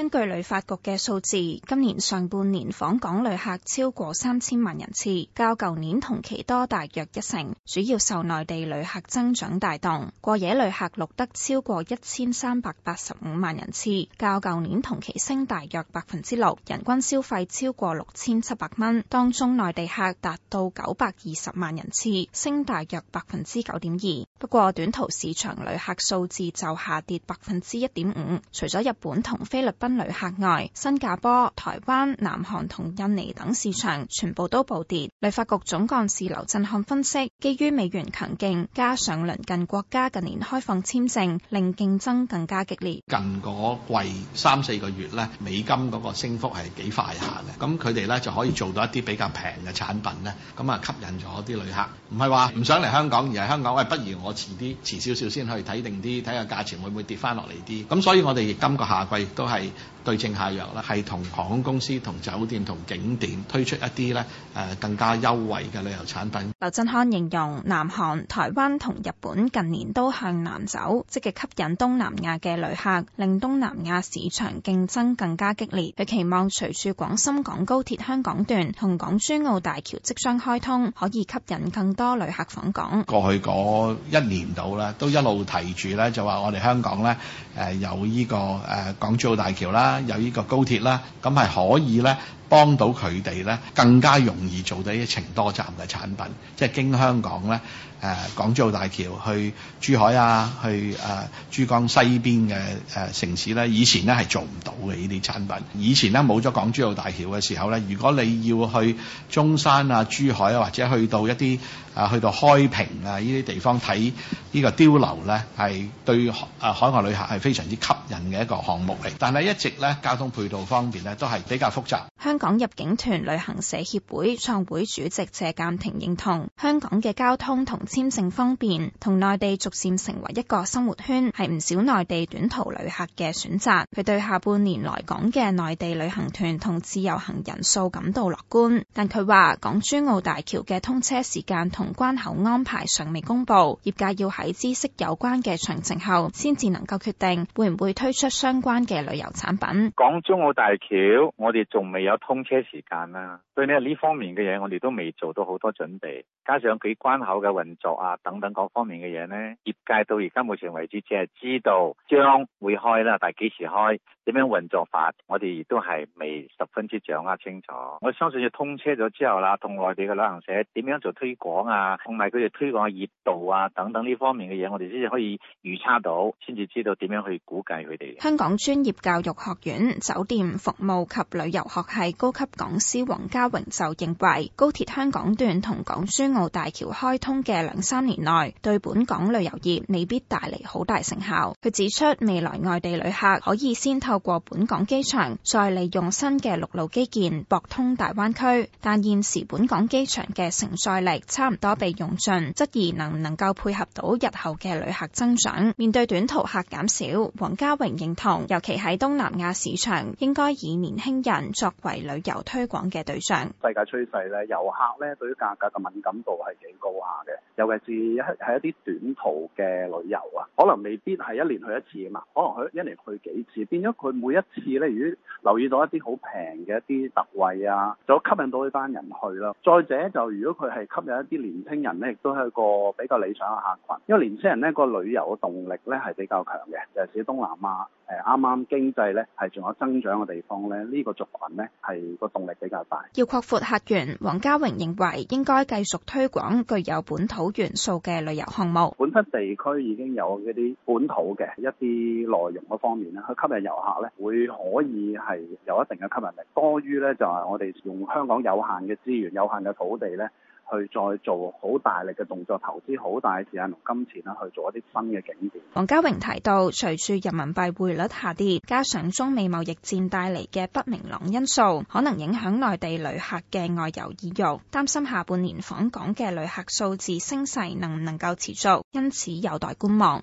根據旅發局嘅數字，今年上半年訪港旅客超過三千萬人次，較舊年同期多大約一成，主要受內地旅客增長帶動。過夜旅客錄得超過一千三百八十五萬人次，較舊年同期升大約百分之六，人均消費超過六千七百蚊。當中內地客達到九百二十萬人次，升大約百分之九點二。不過短途市場旅客數字就下跌百分之一點五，除咗日本同菲律賓。旅客外，新加坡、台灣、南韓同印尼等市場全部都暴跌。旅發局總幹事劉振漢分析，基於美元強勁加上鄰近國家近年開放簽證令競爭更加激烈。近嗰季三四個月咧，美金嗰個升幅係幾快下嘅，咁佢哋咧就可以做到一啲比較平嘅產品咧，咁啊吸引咗啲旅客。唔係話唔想嚟香港，而係香港喂，不如我遲啲遲少少先去睇定啲，睇下價錢會唔會跌翻落嚟啲。咁所以我哋今個夏季都係。對症下藥啦，係同航空公司、同酒店、同景點推出一啲咧誒更加優惠嘅旅遊產品。劉振康形容，南韓、台灣同日本近年都向南走，積極吸引東南亞嘅旅客，令東南亞市場競爭更加激烈。佢期望隨住廣深港高鐵香港段同港珠澳大橋即將開通，可以吸引更多旅客訪港。過去嗰一年度啦，都一路提住咧，就話我哋香港咧誒有呢個誒港珠澳大橋。啦，有呢個高鐵啦，咁係可以咧，幫到佢哋咧，更加容易做到一程多站嘅產品，即係經香港咧，誒、呃、港珠澳大橋去珠海啊，去誒、呃、珠江西邊嘅誒、呃、城市咧，以前咧係做唔到嘅呢啲產品。以前咧冇咗港珠澳大橋嘅時候咧，如果你要去中山啊、珠海啊，或者去到一啲啊去到開平啊呢啲地方睇呢個碉樓咧，係對誒海外旅客係非常之吸引嘅一個項目嚟。但係一直咧交通配套方面咧都係比較複雜。港入境團旅行社協會創會主席謝鑒庭認同，香港嘅交通同簽證方便，同內地逐漸成為一個生活圈，係唔少內地短途旅客嘅選擇。佢對下半年來港嘅內地旅行團同自由行人數感到樂觀，但佢話港珠澳大橋嘅通車時間同關口安排尚未公布，業界要喺知悉有關嘅詳情後，先至能夠決定會唔會推出相關嘅旅遊產品。港珠澳大橋我哋仲未有通車時間啦，對呢個呢方面嘅嘢，我哋都未做到好多準備，加上佢關口嘅運作啊，等等各方面嘅嘢，呢業界到而家目前為止只係知道將會開啦，但係幾時開，點樣運作法，我哋亦都係未十分之掌握清楚。我相信要通車咗之後啦，同內地嘅旅行社點樣做推廣啊，同埋佢哋推廣嘅熱度啊，等等呢方面嘅嘢，我哋先至可以預測到，先至知道點樣去估計佢哋。香港專業教育學院酒店服務及旅遊學系。高級講師王家榮就認為，高鐵香港段同港珠澳大橋開通嘅兩三年內，對本港旅遊業未必帶嚟好大成效。佢指出，未來外地旅客可以先透過本港機場，再利用新嘅陸路基建駁通大灣區。但現時本港機場嘅承載力差唔多被用盡，質疑能唔能夠配合到日後嘅旅客增長。面對短途客減少，王家榮認同，尤其喺東南亞市場，應該以年輕人作為旅遊推廣嘅對象，世界趨勢咧，遊客咧對於價格嘅敏感度係幾高下嘅，尤其是喺一啲短途嘅旅遊啊，可能未必係一年去一次啊嘛，可能佢一年去幾次，變咗佢每一次咧，如果留意到一啲好平嘅一啲特惠啊，就吸引到呢班人去咯。再者就如果佢係吸引一啲年輕人咧，亦都係一個比較理想嘅客群，因為年輕人咧個旅遊嘅動力咧係比較強嘅，尤其是東南亞。誒啱啱，經濟咧係仲有增長嘅地方咧，這個、呢個族群咧係個動力比較大。要擴闊客源，黃家榮認為應該繼續推廣具有本土元素嘅旅遊項目。本身地區已經有一啲本土嘅一啲內容嘅方面啦，去吸引遊客咧，會可以係有一定嘅吸引力。多於咧就係、是、我哋用香港有限嘅資源、有限嘅土地咧。去再做好大力嘅動作，投資，好大嘅時間同金錢啦，去做一啲新嘅景點。王家榮提到，隨住人民幣匯率下跌，加上中美貿易戰帶嚟嘅不明朗因素，可能影響內地旅客嘅外遊意欲，擔心下半年訪港嘅旅客數字升勢能唔能夠持續，因此有待觀望。